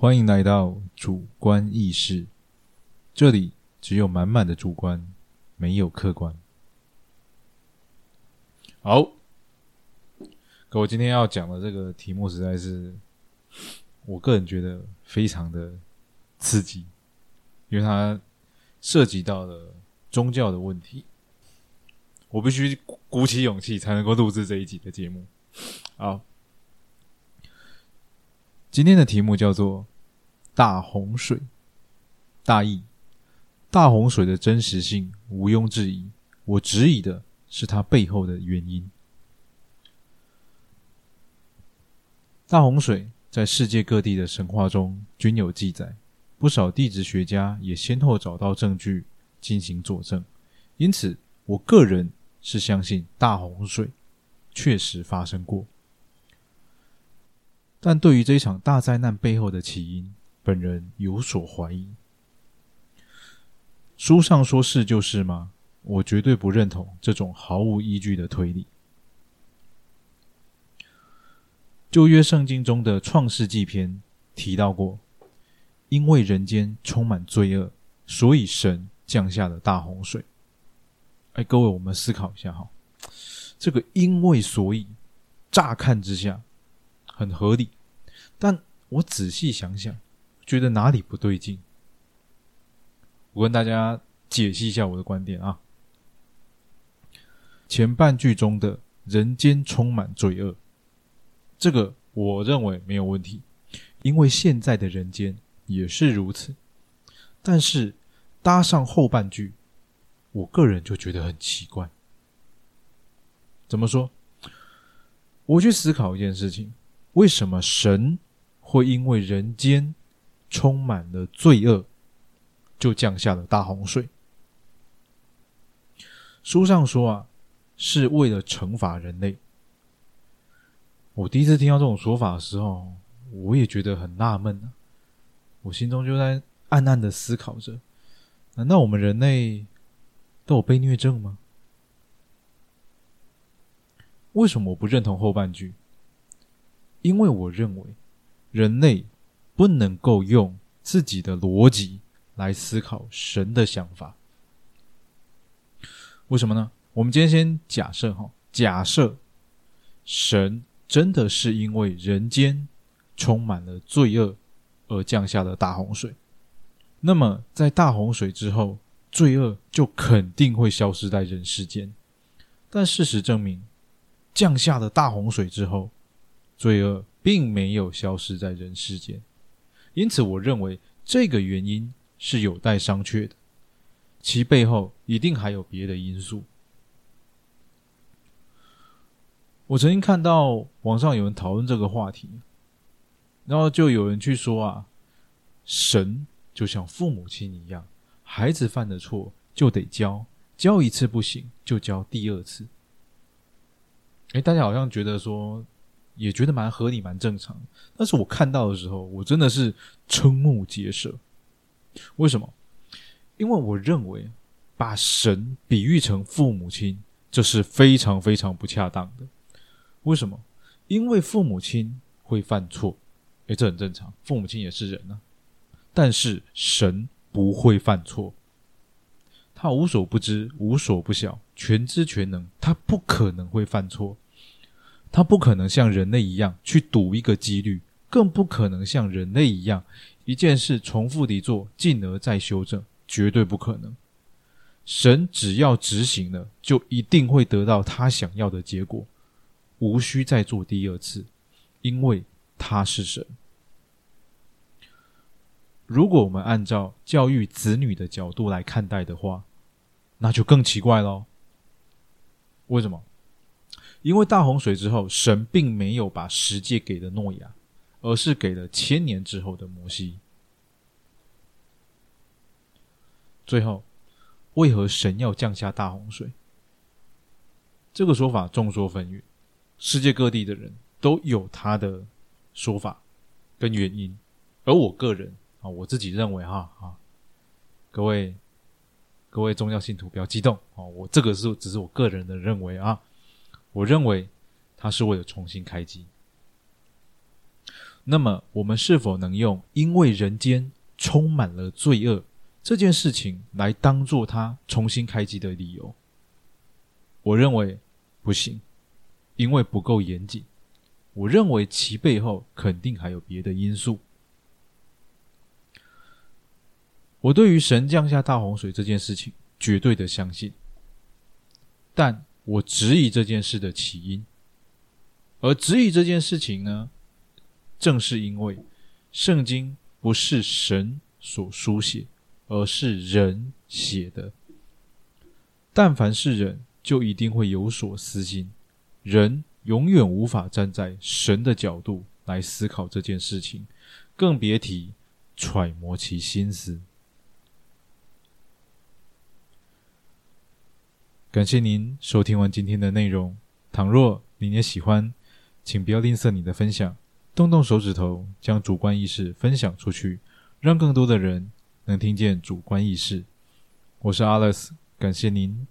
歡迎來到主觀意識，這裡只有滿滿的主觀，沒有客觀。好，可我今天要講的這個題目實在是，我個人覺得非常的刺激，因為它涉及到了宗教的問題，我必須鼓起勇氣才能夠錄制這一集的節目。好。今天的題目叫做“大洪水”。大意：大洪水的真實性毋庸置疑。我質疑的是它背後的原因。大洪水在世界各地的神話中均有記載，不少地質學家也先後找到證據進行佐證。因此，我個人是相信大洪水確實發生過。但對於這場大災難背後的起因，本人有所懷疑。書上說是就是嗎？我絕對不認同這種毫無依據的推理。舊約聖經中的創世紀篇提到過，因為人間充滿罪惡，所以神降下了大洪水。哎，各位，我們思考一下哈，這個“因為所以”，乍看之下很合理。但我仔細想想，覺得哪裡不對勁。我跟大家解析一下我的觀點啊。前半句中的人間充滿罪惡，這個我認為沒有問題，因為現在的人間也是如此。但是搭上後半句，我個人就覺得很奇怪。怎麼說？我去思考一件事情，為什麼神？會因為人間充滿了罪惡，就降下了大洪水。書上說啊，是為了懲罰人類。我第一次聽到這種說法的時候，我也覺得很納悶啊。我心中就在暗暗地思考着：難道我們人類都有被虐症嗎？為什麼我不認同後半句？因為我認為。人類不能夠用自己的邏輯來思考神的想法，為什麼呢？我們今天先假設哈，假設神真的是因為人間充滿了罪惡而降下了大洪水，那麼在大洪水之後，罪惡就肯定會消失在人世間。但事實證明，降下了大洪水之後，罪惡。並沒有消失在人世間，因此我認為這個原因是有待商榷的，其背後一定還有別的因素。我曾經看到網上有人討論這個話題，然後就有人去說啊，神就像父母親一樣，孩子犯的錯就得教，教一次不行就教第二次。誒，大家好像覺得說。也覺得蠻合理，蠻正常。但是我看到的時候，我真的是瞠目結舌。為什麼？因為我認為把神比喻成父母親，這是非常非常不恰當的。為什麼？因為父母親會犯錯，誒，這很正常，父母親也是人啊。但是神不會犯錯，他無所不知，無所不曉，全知全能，他不可能會犯錯。他不可能像人類一樣去賭一個幾率，更不可能像人類一樣一件事重複的做，進而再修正，絕對不可能。神只要執行了，就一定會得到他想要的結果，無需再做第二次，因為他是神。如果我們按照教育子女的角度來看待的話，那就更奇怪咯。為什麼？因為大洪水之後，神並沒有把十誡給了諾亞，而是給了千年之後的摩西。最後，為何神要降下大洪水？這個說法眾說紛紜，世界各地的人都有他的說法跟原因。而我個人啊，我自己認為哈啊，各位各位宗教信徒不要激動啊，我這個是只是我個人的認為啊。我認為，他是為了重新開機。那麼，我們是否能用“因為人間充滿了罪惡”這件事情來當做他重新開機的理由？我認為不行，因為不夠嚴謹。我認為其背後肯定還有別的因素。我對於神降下大洪水這件事情絕對的相信，但。我質疑這件事的起因，而質疑這件事情呢，正是因為聖經不是神所書寫，而是人寫的。但凡是人，就一定會有所私心，人永遠無法站在神的角度來思考這件事情，更別提揣摩其心思。感謝您收聽完今天的內容。倘若你也喜歡，請不要吝嗇你的分享，動動手指頭，將主觀意識分享出去，讓更多的人能聽見主觀意識。我是 Alex，感謝您。